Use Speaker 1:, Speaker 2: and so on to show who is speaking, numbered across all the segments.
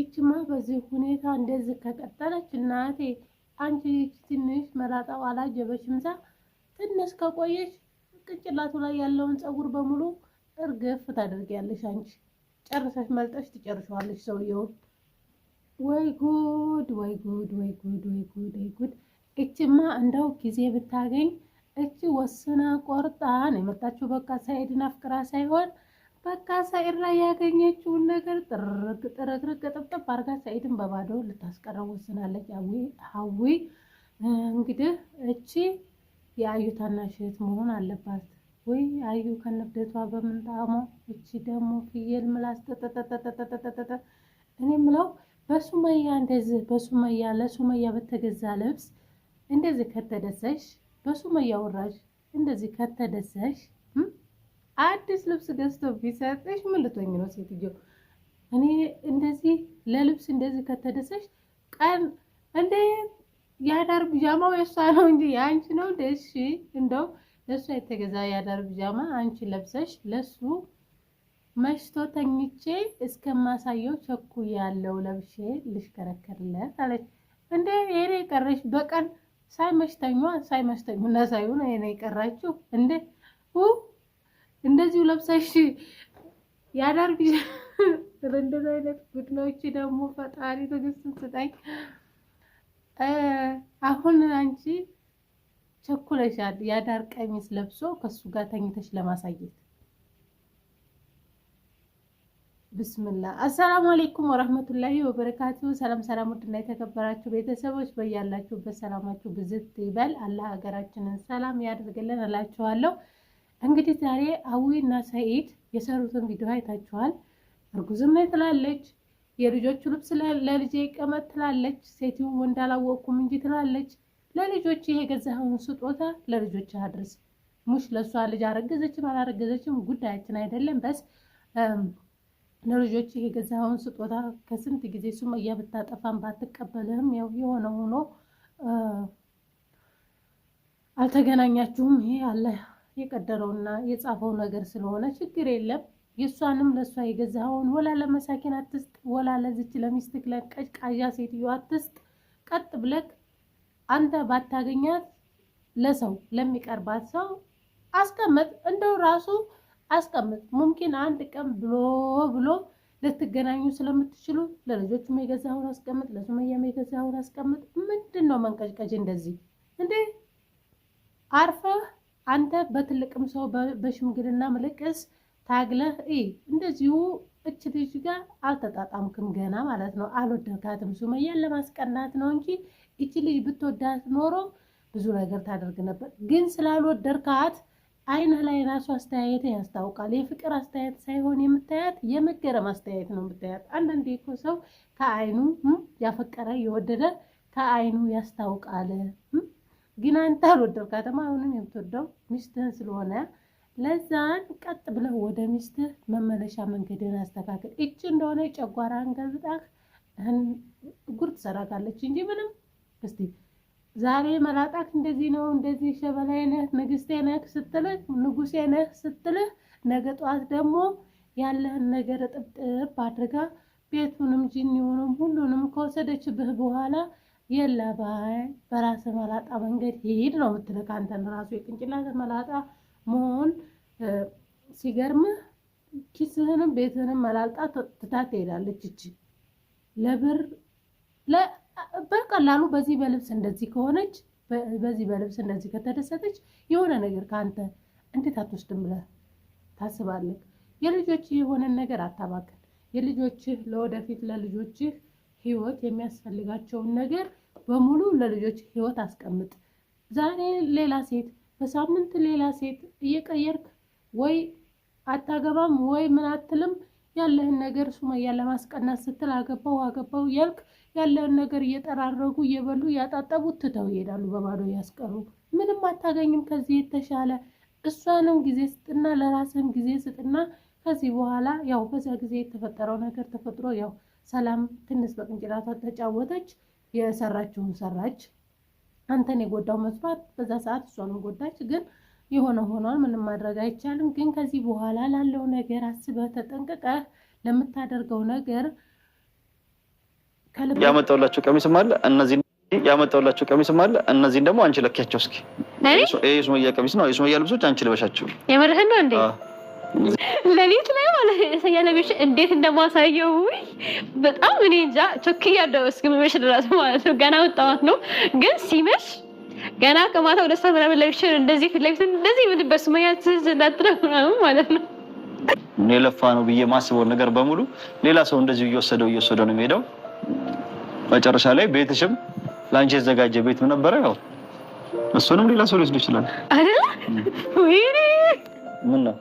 Speaker 1: ይችማ በዚህ ሁኔታ እንደዚህ ከቀጠለች እናቴ አንቺ ትንሽ መላጣ ዋላ ጀበሽምሳ ትንሽ ከቆየች ቅንጭላቱ ላይ ያለውን ፀጉር በሙሉ እርግፍ ታደርጊያለሽ። አንቺ ጨርሰሽ መልጠሽ ትጨርሸዋለሽ ሰውየውን። ወይ ጉድ ወይ ጉድ ወይ ጉድ ወይ ጉድ ወይ ጉድ! እችማ እንደው ጊዜ ብታገኝ እች ወስና ቆርጣ ነው የመጣችው። በቃ ሳይድ ናፍቅራ ሳይሆን በቃ ሰኢድ ላይ ያገኘችውን ነገር ጥርግ ጥረግርግ ጥብጥብ አርጋ ሰኢድን በባዶ ልታስቀረው ወስናለች። ሀዊ እንግዲህ እቺ የአዩ ታናሽ እህት መሆን አለባት ወይ አዩ ከንብደቷ በምንጣሟ እቺ ደግሞ ፍየል ምላስ ተተተተተተተተ እኔ ምለው በሱመያ እንደዚህ በሱመያ ለሱመያ በተገዛ ልብስ እንደዚህ ከተደሰሽ በሱመያ ወራሽ እንደዚህ ከተደሰሽ አዲስ ልብስ ገዝቶ ቢሰጥሽ ምን ልትሆኝ ነው ሴትዮ? እኔ እንደዚህ ለልብስ እንደዚህ ከተደሰሽ ቀን እንደ የአዳር ብጃማው የእሷ ነው እንጂ የአንቺ ነው ደሺ። እንደው ለእሷ የተገዛ የአዳር ብጃማ አንቺ ለብሰሽ ለሱ መሽቶ ተኝቼ እስከማሳየው ቸኩ ያለው ለብሼ ልሽከረከርለት አለች። እንደ የኔ የቀረሽ በቀን ሳይመሽተኛ ሳይመሽተኙ እና ሳይሆን የኔ የቀራችሁ እንደ እንደዚሁ ለብሰሽ ያዳርግ። እንደዚህ አይነት ቡድኖች ደግሞ ፈጣሪ ትዕግስትን ስጠኝ። አሁን አንቺ ቸኩለሻል። የአዳር ቀሚስ ለብሶ ከሱ ጋር ተኝተሽ ለማሳየት ብስምላ አሰላሙ አሌይኩም ወረህመቱላሂ ወበረካቱ። ሰላም ሰላም፣ ውድና የተከበራችሁ ቤተሰቦች በያላችሁበት ሰላማችሁ ብዝት ይበል። አላህ ሀገራችንን ሰላም ያደርግልን እላችኋለሁ። እንግዲህ ዛሬ አዊ እና ሰኢድ የሰሩትን ቪዲዮ አይታችኋል። እርጉዝም ነኝ ትላለች፣ የልጆቹ ልብስ ለልጄ ይቀመጥ ትላለች፣ ሴትው ወንድ አላወቅኩም እንጂ ትላለች፣ ለልጆች ይሄ የገዛኸውን ስጦታ ለልጆች አድርስ፣ ሙሽ ለእሷ ልጅ አረገዘችም አላረገዘችም ጉዳያችን አይደለም፣ በስ ለልጆች ይሄ የገዛኸውን ስጦታ ከስንት ጊዜ ሱመያ ብታጠፋም ባትቀበልህም የሆነ ሆኖ አልተገናኛችሁም። ይሄ አለ የቀደረውና የጻፈው ነገር ስለሆነ ችግር የለም። የእሷንም ለእሷ የገዛኸውን ወላ ለመሳኪን አትስጥ፣ ወላ ለዚች ለሚስትክ ለቀጭቃዣ ሴትዮ አትስጥ። ቀጥ ብለክ አንተ ባታገኛት ለሰው ለሚቀርባት ሰው አስቀምጥ፣ እንደው ራሱ አስቀምጥ። ሙምኪን አንድ ቀን ብሎ ብሎ ልትገናኙ ስለምትችሉ ለልጆቹም የገዛኸውን አስቀምጥ፣ ለሱመያም የገዛኸውን አስቀምጥ። ምንድን ነው መንቀጭቀጭ እንደዚህ እንዴ? አርፈህ አንተ በትልቅም ሰው በሽምግልና ምልቅስ ታግለህ ይ እንደዚሁ እች ልጅ ጋር አልተጣጣምክም ገና ማለት ነው። አልወደድካትም። ሱመያን ለማስቀናት ነው እንጂ እች ልጅ ብትወዳት ኖሮ ብዙ ነገር ታደርግ ነበር። ግን ስላልወደድካት አይነ ላይ ራሱ አስተያየት ያስታውቃል። የፍቅር አስተያየት ሳይሆን የምታያት የመገረም አስተያየት ነው የምታያት። አንዳንዴ እኮ ሰው ከአይኑ ያፈቀረ የወደደ ከአይኑ ያስታውቃል። ግን አንተ አልወደድካትም። አሁንም የምትወደው ሚስትህን ስለሆነ ለዛን ቀጥ ብለህ ወደ ሚስትህ መመለሻ መንገድህን አስተካክል። እጅ እንደሆነ ጨጓራን ገልብጣህ ጉር ትሰራታለች እንጂ ምንም እስቲ ዛሬ መላጣት እንደዚህ ነው እንደዚህ ሸበላይ ነህ ንግስቴ ነህ ስትልህ ንጉሴ ነህ ስትልህ ነገ ጠዋት ደግሞ ያለህን ነገር ጥብጥብ አድርጋ ቤቱንም ጅኒውንም ሁሉንም ከወሰደችብህ በኋላ የለ ባይ በራስ መላጣ መንገድ ሄድ ነው የምትልህ። አንተን ራሱ የቅንጭላት መላጣ መሆን ሲገርምህ ኪስህንም ቤትህንም መላልጣ ትታት ትሄዳለች። እቺ ለብር በቀላሉ በዚህ በልብስ እንደዚህ ከሆነች በዚህ በልብስ እንደዚህ ከተደሰተች የሆነ ነገር ከአንተ እንዴት አትወስድም ብለህ ታስባለህ? የልጆችህ የሆነን ነገር አታባክን። የልጆችህ ለወደፊት ለልጆችህ ህይወት የሚያስፈልጋቸውን ነገር በሙሉ ለልጆች ህይወት አስቀምጥ። ዛሬ ሌላ ሴት፣ በሳምንት ሌላ ሴት እየቀየርክ ወይ አታገባም ወይ ምን አትልም። ያለህን ነገር ሱመያ ለማስቀናት ስትል አገባው አገባው ያልክ ያለህን ነገር እየጠራረጉ እየበሉ እያጣጠቡ ትተው ይሄዳሉ። በባዶ ያስቀሩ ምንም አታገኝም ከዚህ የተሻለ እሷንም ጊዜ ስጥና ለራስህም ጊዜ ስጥና ከዚህ በኋላ ያው በዛ ጊዜ የተፈጠረው ነገር ተፈጥሮ ያው ሰላም ትንሽ በቅንጭላቷ ተጫወተች። የሰራችውን ሰራች። አንተን የጎዳው መስሏት በዛ ሰዓት እሷንም ጎዳች። ግን የሆነ ሆኗል፣ ምንም ማድረግ አይቻልም። ግን ከዚህ በኋላ ላለው ነገር አስበህ ተጠንቅቀህ ለምታደርገው ነገር
Speaker 2: ያመጣውላቸው ቀሚስም አለ እነዚህ ያመጣውላቸው ቀሚስም አለ እነዚህን ደግሞ አንቺ ለኪያቸው እስኪ የሱመያ ቀሚስ ነው የሱመያ ልብሶች አንቺ ልበሻቸው።
Speaker 3: የምርህን ነው እንዴ? ለሊት ላይ ማለት ያሳያል። ቢሽ እንዴት እንደማሳየው በጣም እኔ እንጃ ቾክ እስኪ እስከሚመሽ ድረስ ማለት ነው። ገና ወጣት ነው ግን ሲመሽ ገና ከማታ ወደ ሳ ምናምን ለብሼ እንደዚህ ፊት ለፊት እንደዚህ የምልበት ሱመያ ትዝ እንዳትለው ምናምን ማለት ነው።
Speaker 2: እኔ ለፋ ነው ብዬ ማስበው ነገር በሙሉ ሌላ ሰው እንደዚህ እየወሰደው እየወሰደው ነው የሚሄደው። መጨረሻ ላይ ቤትሽም ለአንቺ የተዘጋጀ ቤትም ነበረ። ያው እሱንም ሌላ ሰው ሊወስዱ ይችላል አይደለ? ምን ነው?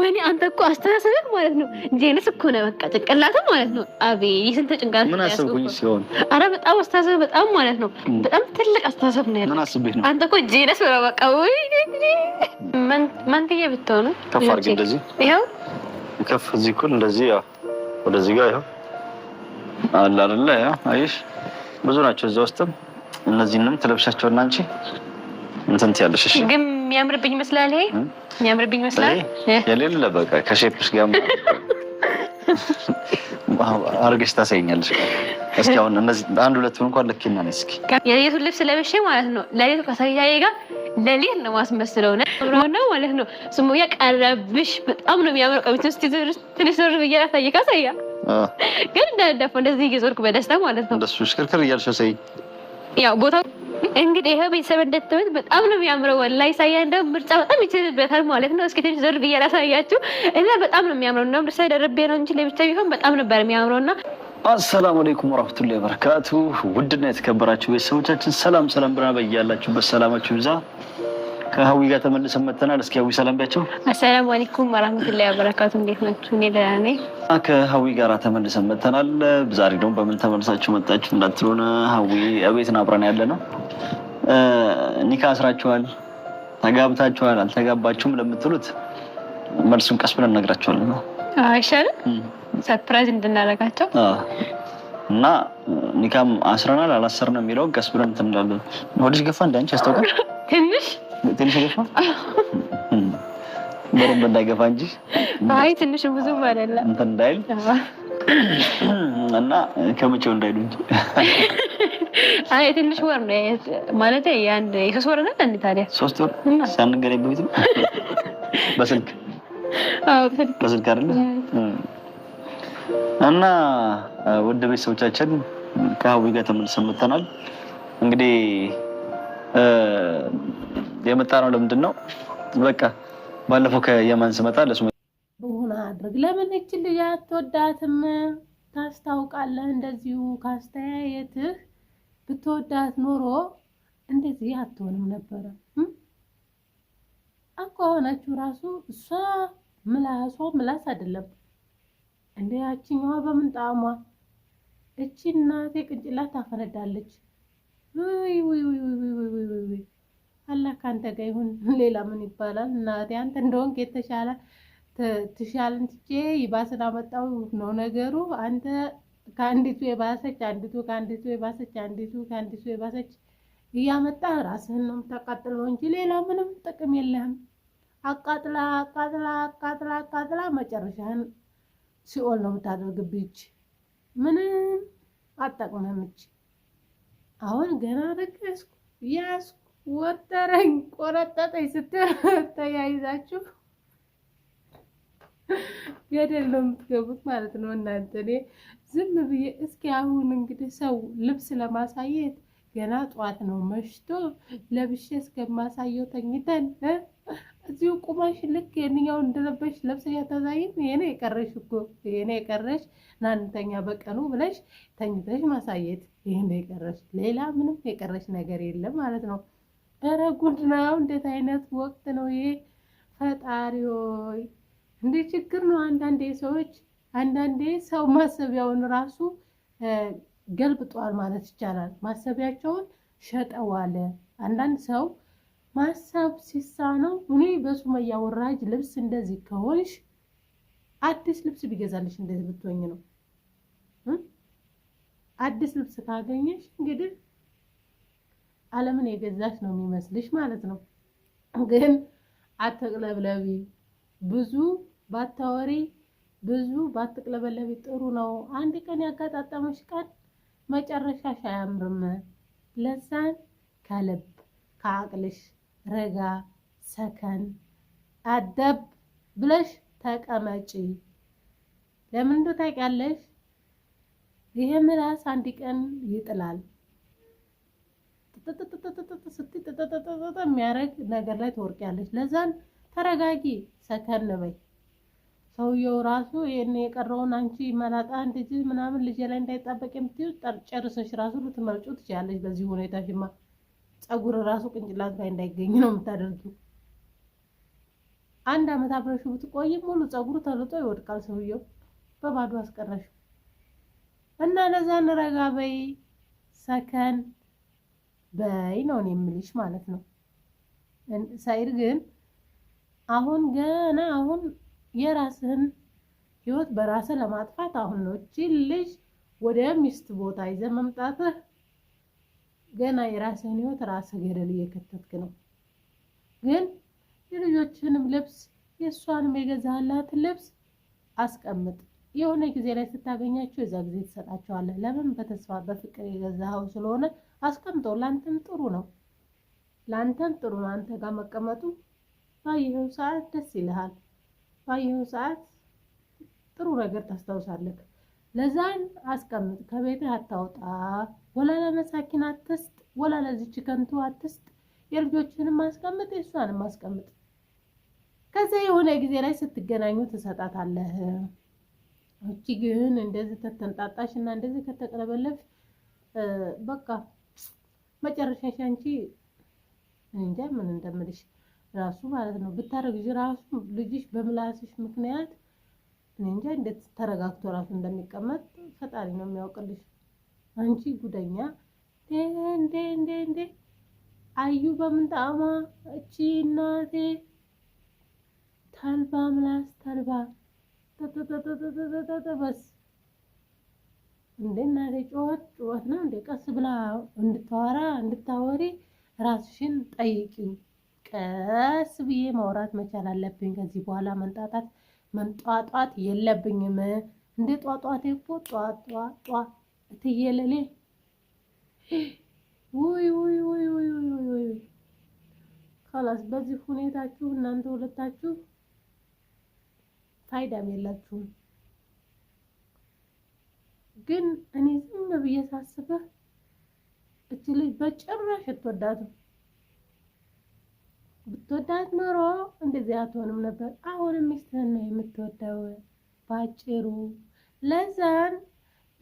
Speaker 3: ወይኔ አንተ እኮ አስተሳሰብህ ማለት ነው ጄንስ እኮ ነው በቃ ጭንቅላትህ ማለት ነው። አቤ የስንት ጭንቅላት
Speaker 2: ምን አሰብኩኝ ሲሆን፣
Speaker 3: አረ በጣም አስተሳሰብ በጣም ማለት ነው በጣም ትልቅ አስተሳሰብ ነው
Speaker 2: ያለው። ምን አስቤህ ነው
Speaker 3: አንተ እኮ ጄንስ ነው በቃ። ወይ መንትዬ ብትሆኑ
Speaker 2: ከፍ አድርግ፣ እንደዚህ ይኸው ከፍ እዚህ እንደዚህ ያው ወደዚህ ጋር ያው አለ አይደለ? አይሽ ብዙ ናቸው እዛ ውስጥም እነዚህንም አንቺ እንትን ትያለሽ። እሺ
Speaker 3: ግን የሚያምርብኝ ይመስላል። ይሄ የሚያምርብኝ ይመስላል።
Speaker 2: የሌለ በቃ ከሼፕስ ጋር አርገሽ ታሳይኛለሽ። እስኪ አሁን እነዚህ አንድ ሁለቱን እንኳን ልኪና ነው። እስኪ
Speaker 3: የሌቱን ልብስ ለብሼ ማለት ነው ለሌቱ ከሰያዬ ጋር ለሌት ነው ማስመስለው ነው ማለት ነው። ስሙ ያቀረብሽ በጣም ነው የሚያምረው። ቀሚት ውስጥ ትንሽ ዞር ብዬ ላሳይህ። ካሳያ ግን እንዳደፋ እንደዚህ እየዞርኩ በደስታ ማለት ነው
Speaker 2: እንደሱ ሽክርክር እያልሽ ሰይ
Speaker 3: ያው ቦታው እንግዲህ ይኸው ቤተሰብ እንደተወት በጣም ነው የሚያምረው። ወላሂ ሳያ እንደ ምርጫ በጣም ይችልበታል ማለት ነው። እስኪ ትንሽ ዞር ብዬ ላሳያችሁ እና በጣም ነው የሚያምረው። እና ምርሳ ደረቤ ነው እንጂ ለብቻ ቢሆን በጣም ነበር የሚያምረው እና
Speaker 2: አሰላሙ አለይኩም ወራህመቱላሂ ወበረካቱ። ውድና የተከበራችሁ ቤተሰቦቻችን ሰላም ሰላም ብና በያላችሁበት ሰላማችሁ ብዛ ከሀዊ ጋር ተመልሰን መተናል። እስኪ ሀዊ ሰላም ቢያቸው።
Speaker 3: አሰላሙ አለይኩም ወራህመቱላሂ ወበረካቱ። እንዴት ናችሁ? እኔ ደህና ነኝ።
Speaker 2: ከሀዊ ጋር ተመልሰን መተናል። ዛሬ ደግሞ በምን ተመልሳችሁ መጣችሁ እንዳትሉን፣ ሀዊ እቤትን አብረን ያለ ነው። ኒካ አስራችኋል፣ ተጋብታችኋል፣ አልተጋባችሁም ለምትሉት መልሱን ቀስ ብለን እነግራችኋለን ነው
Speaker 3: አይሻልም? ሰርፕራይዝ እንድናደርጋቸው
Speaker 2: እና ኒካም አስረናል አላሰርነው የሚለው ቀስ ብለን እንትን እንላለን። ወደሽ ገፋ እንዳንቺ ያስታውቃል ትንሽ ትንሽ ልሽ በደንብ እንዳይገፋ እንጂ
Speaker 3: አይ ትንሽ ብዙ አይደለም
Speaker 2: እንትን እንዳይል እና ከመቼው እንዳይሉ እንጂ
Speaker 3: አይ ትንሽ ወር ነው ማለት የአንድ የሶስት ወር ነው እንዴ ታዲያ
Speaker 2: ሶስት ወር ሳንገናኝ በፊት በስልክ በስልክ አይደለ እና ወደ ቤተሰቦቻችን ከሀዊ ጋር ተመልሰን መጥተናል እንግዲህ የመጣ ነው። ለምንድን ነው በቃ ባለፈው ከየመን ስመጣ ለሱ
Speaker 1: ሆነ አድርግ። ለምን እች ልጅ አትወዳትም? ታስታውቃለህ። እንደዚሁ ካስተያየትህ ብትወዳት ኖሮ እንደዚህ አትሆንም ነበረ። አኳሆነችው ራሱ እሷ ምላሷ ምላስ አይደለም እንደ ያችኛዋ በምንጣሟ እቺ እናቴ ቅንጭላት ታፈነዳለች። ውይ ውይ ውይ ውይ ውይ አላህ ካንተ ጋር ይሁን። ሌላ ምን ይባላል? እናቴ አንተ እንደሆንክ የተሻለ ትሻልን ትቼ ይባስን አመጣው ነው ነገሩ። አንተ ከአንዲቱ የባሰች አንዲቱ ከአንዲቱ የባሰች አንዲቱ ከአንዲቱ የባሰች እያመጣ ራስህን ነው የምታቃጥለው እንጂ ሌላ ምንም ጥቅም የለህም። አቃጥላ አቃጥላ አቃጥላ አቃጥላ መጨረሻህን ሲኦል ነው የምታደርግብች። ምንም አጠቅመምች። አሁን ገና ረገዝኩ ያዝኩ ወጠረኝ ቆረጠጠኝ ስትል ተያይዛችሁ ገደል ነው የምትገቡት ማለት ነው። እናንተ እኔ ዝም ብዬ እስኪ አሁን እንግዲህ ሰው ልብስ ለማሳየት ገና ጠዋት ነው መሽቶ ለብሼ እስከማሳየው ተኝተን እዚሁ ቁማሽ ልክ የኛው እንደለበሽ ለብሰሽ አታሳይም። የኔ የቀረሽ እኮ የኔ የቀረሽ ናንተኛ በቀኑ ብለሽ ተኝተሽ ማሳየት ይህን የቀረሽ ሌላ ምንም የቀረሽ ነገር የለም ማለት ነው። ኧረ ጉድ ነው! እንዴት አይነት ወቅት ነው ይሄ! ፈጣሪ ሆይ እንዴ ችግር ነው። አንዳንዴ ሰዎች አንዳንዴ ሰው ማሰቢያውን ራሱ ገልብጧል ማለት ይቻላል። ማሰቢያቸውን ሸጠዋለ አንዳንድ ሰው ማሰብ ሲሳነው እኔ በሱመያ ወራጅ ልብስ እንደዚህ ከሆንሽ አዲስ ልብስ ቢገዛልሽ እንደዚህ ብትሆኝ ነው። አዲስ ልብስ ካገኘሽ እንግዲህ ዓለምን የገዛች ነው የሚመስልሽ ማለት ነው። ግን አትቅለብለቢ፣ ብዙ ባታወሪ፣ ብዙ ባትቅለበለቢ ጥሩ ነው። አንድ ቀን ያጋጣጠመሽ ቀን መጨረሻሽ አያምርም። ለዛን ከልብ ከአቅልሽ ረጋ ሰከን አደብ ብለሽ ተቀመጪ። ለምን እንደው ታውቂያለሽ፣ ይሄ ምላስ አንድ ቀን ይጥላል። የሚያደርግ ነገር ላይ ትወርቂያለች። ለዛን ተረጋጊ፣ ሰከን በይ። ሰውየው ራሱ ይሄን የቀረውን አንቺ መላጣ ልጅ ምናምን ልጄ ላይ እንዳይጣበቅ የምትዩ ጨርሰሽ ራሱ ልትመርጩ ትችላለች። በዚህ ሁኔታ ሽማ ጸጉር ራሱ ቅንጭላት ላይ እንዳይገኝ ነው የምታደርጊው። አንድ አመት አብረሽ ብትቆይ ሙሉ ጸጉሩ ተልጦ ይወድቃል። ሰውየው በባዶ አስቀረሽ እና ለዛን ረጋ በይ ሰከን በይ ነው የምልሽ ማለት ነው። ሳይር ግን አሁን ገና አሁን የራስህን ህይወት በራስህ ለማጥፋት አሁን ነው እቺን ልጅ ወደ ሚስት ቦታ ይዘ መምጣትህ ገና የራስህን ህይወት ራስህ ገደል እየከተትክ ነው። ግን የልጆችህንም ልብስ የእሷንም የገዛህላትን ልብስ አስቀምጥ። የሆነ ጊዜ ላይ ስታገኛቸው የዛ ጊዜ ትሰጣቸዋለህ። ለምን በተስፋ በፍቅር የገዛኸው ስለሆነ አስቀምጠው። ላንተም ጥሩ ነው፣ ላንተም ጥሩ ነው። አንተ ጋር መቀመጡ ባየኸው ሰዓት ደስ ይልሃል። ባየኸው ሰዓት ጥሩ ነገር ታስታውሳለህ። ለዛን አስቀምጥ፣ ከቤት አታውጣ፣ ወላ ለመሳኪን አትስጥ፣ ወላ ለዚች ከንቱ አትስጥ። የልጆችንም አስቀምጥ፣ የእሷንም አስቀምጥ። ከዚያ የሆነ ጊዜ ላይ ስትገናኙ ትሰጣታለህ። እቺ ግን እንደዚህ ከተንጣጣሽ እና እንደዚህ ከተቀለበለሽ በቃ መጨረሻሽ አንቺ እንጃ ምን እንደምልሽ ራሱ ማለት ነው ብታረግዥ ራሱ ልጅሽ በምላስሽ ምክንያት እንጃ እንዴት ተረጋግቶ ራሱ እንደሚቀመጥ ፈጣሪ ነው የሚያውቅልሽ። አንቺ ጉደኛ እንዴ እንዴ እንዴ አዩ በምንጣማ ጣዕማ እቺ እናቴ ተልባ ምላስ ተልባ በስ እንደ እናቴ ጩኸት ጩኸት ነው እንደ ቀስ ብላ እንድታወራ እንድታወሪ ራስሽን ጠይቂ። ቀስ ብዬ ማውራት መቻል አለብኝ። ከዚህ በኋላ መንጣጣት መንጧጧት የለብኝም። እንደ ጧጧቴ እኮ ጧጧጧ እትየለሌ ውይ ውይ ውይ ውይ ውይ ውይ ካላስ በዚህ ሁኔታችሁ እናንተ ሁለታችሁ ፋይዳም የላችሁም። ግን እኔ ዝም ብዬ ሳስበህ እች ልጅ በጭራሽ አትወዳትም። ብትወዳት ኖሮ እንደዚህ አትሆንም ነበር። አሁንም ሚስትህን ነው የምትወደው። ባጭሩ ለዛን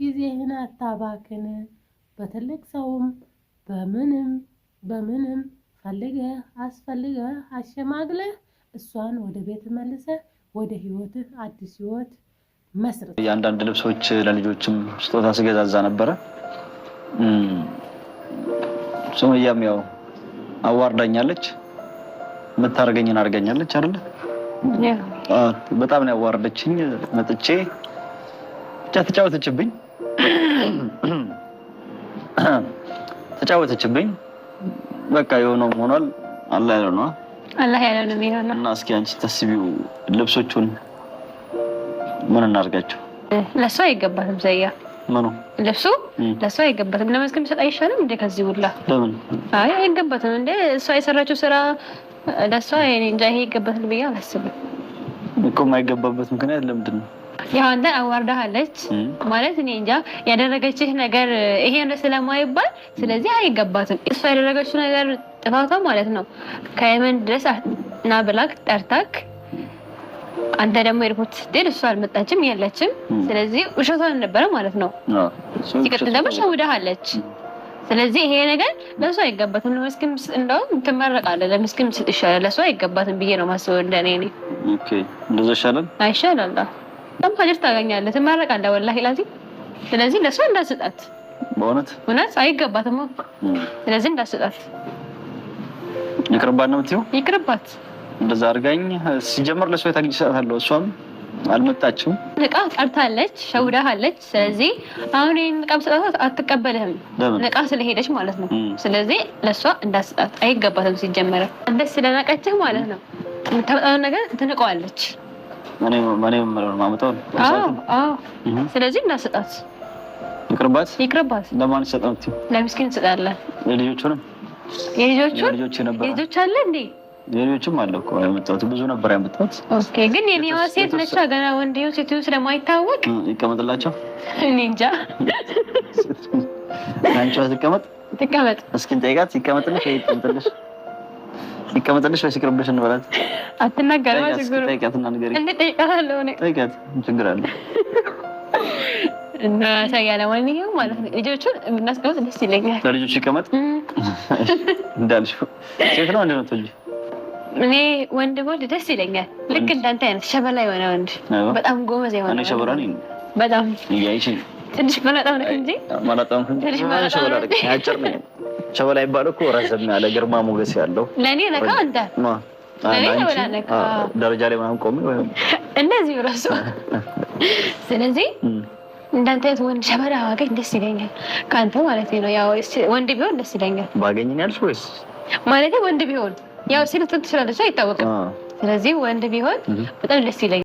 Speaker 1: ጊዜህን አታባክን። በትልቅ ሰውም በምንም በምንም ፈልገህ አስፈልገህ አሸማግለህ እሷን ወደ ቤት መልሰህ ወደ ህይወትህ አዲስ ህይወት መስረት
Speaker 2: የአንዳንድ ልብሶች ለልጆችም ስጦታ ስገዛዛ ነበረ። ሱመያም ያው አዋርዳኛለች፣ የምታደርገኝን አድርገኛለች አይደለ? በጣም ነው ያዋርደችኝ። መጥቼ ብቻ ተጫወተችብኝ ተጫወተችብኝ። በቃ የሆነውም ሆኗል። አላህ ያለው ነው። አላህ ያለው ነው እና እስኪ አንቺ ተስቢው ልብሶቹን ምን እናድርጋቸው?
Speaker 3: ለእሱ አይገባትም። ዘያ ምኑ ልብሱ ለእሱ አይገባትም። ለመዝገብ ሰጥ አይሻልም እንደ ከዚህ ውላ ለምን አይ አይገባትም። እንደ እሷ የሰራችው ስራ ለእሷ እንጃ ይሄ ይገባታል ብዬ አላስብም
Speaker 2: እኮ። የማይገባበት ምክንያት ለምንድን ነው?
Speaker 3: ያው አንተ አዋርዳሃለች ማለት እኔ እንጃ ያደረገችህ ነገር ይሄ ስለማይባል ስለዚህ አይገባትም። እሷ ያደረገችው ነገር ጥፋቷ ማለት ነው ከየመን ድረስ ና ብላክ ጠርታክ አንተ ደግሞ ኤርፖርት ስትሄድ እሷ አልመጣችም የለችም። ስለዚህ ውሸቷን ነበረ ማለት ነው። ሲቀጥል ደግሞ አለች። ስለዚህ ይሄ ነገር ለእሱ አይገባትም። ለመስኪን እንደውም ትመረቃለህ። ለመስኪን ስጥ ይሻላል። ለእሱ አይገባትም ብዬ ነው ማስበው። እንደኔ ኔ እንደዛ ይሻላል አይሻላል። በጣም ሀጀር ታገኛለህ፣ ትመረቃለህ። ወላሂ ላዚ ስለዚህ ለእሱ እንዳስጣት በእውነት እውነት አይገባትም። ስለዚህ እንዳስጣት
Speaker 2: ይቅርባት ነው የምትይው፣ ይቅርባት እንደዛ አድርጋኝ ሲጀመር ለእሷ የታግኝ እሰጣታለሁ። እሷም አልመጣችም።
Speaker 3: ንቃ ቀርታለች፣ ሸውዳሃለች። ስለዚህ አሁን ይህን ንቃ ብሰጣት አትቀበልህም፣ ንቃ ስለሄደች ማለት ነው። ስለዚህ ለእሷ እንዳስጣት አይገባትም። ሲጀመረ እንደስ ስለናቀችህ ማለት ነው የምታመጣውን ነገር ትንቀዋለች። ስለዚህ እንዳስጣት ይቅርባት፣ ይቅርባት። ለማን ሰጠ? ለሚስኪን እንሰጣለን። የልጆቹንም የልጆቹን የልጆች አለ እንዴ
Speaker 2: ሌሎችም አለ እኮ ያመጣሁት ብዙ ነበር ያመጣሁት።
Speaker 3: ኦኬ ግን የኔዋ ሴት ነች ገና ወንድየው ሴትዮ ስለማይታወቅ
Speaker 2: ይቀመጥላቸው። እኔ እንጃ። አንቺዋ ትቀመጥ ትቀመጥ። እስኪን ጠይቃት ይቀመጥልሽ ወይ ይቀመጥልሽ ይቀመጥልሽ ወይ ይቅርብሽ እንበላት።
Speaker 3: አትናገርም። ችግሩ
Speaker 2: ጠይቃትና ንገሪኝ። ጠይቃት። ችግር አለ
Speaker 3: እና ያለ ማንኛውም ማለት ነው። ልጆቹን ብናስቀምጥ ደስ ይለኛል።
Speaker 2: ለልጆች ይቀመጥ እንዳልሽው ሴት ነው ወንድ ነው
Speaker 3: እኔ ወንድ ወንድ ደስ ይለኛል። ልክ እንዳንተ አይነት ሸበላ የሆነ ወንድ በጣም ጎበዝ
Speaker 2: የሆነ ሸበላ ነኝ።
Speaker 3: በጣም ትንሽ መላጣም ነህ እንጂ
Speaker 2: መላጣም ሸበላ ይባላል እኮ ረዘም ያለ ግርማ ሞገስ ያለው
Speaker 3: ለእኔ ነካ አንተ
Speaker 2: ደረጃ ላይ ምናምን ቆሜ ወይ
Speaker 3: እንደዚህ ራሱ ስለዚህ እንዳንተ አይነት ወንድ ሸበላ ባገኝ ደስ ይለኛል። ከአንተ ማለት ነው ያው ወንድ ቢሆን ደስ ይለኛል።
Speaker 2: ባገኝን ያልሽ ወይስ
Speaker 3: ማለት ወንድ ቢሆን ያው ሴት ልትሆን ትችላለች አይታወቅም። ስለዚህ ወንድ ቢሆን በጣም ደስ ይለኛል።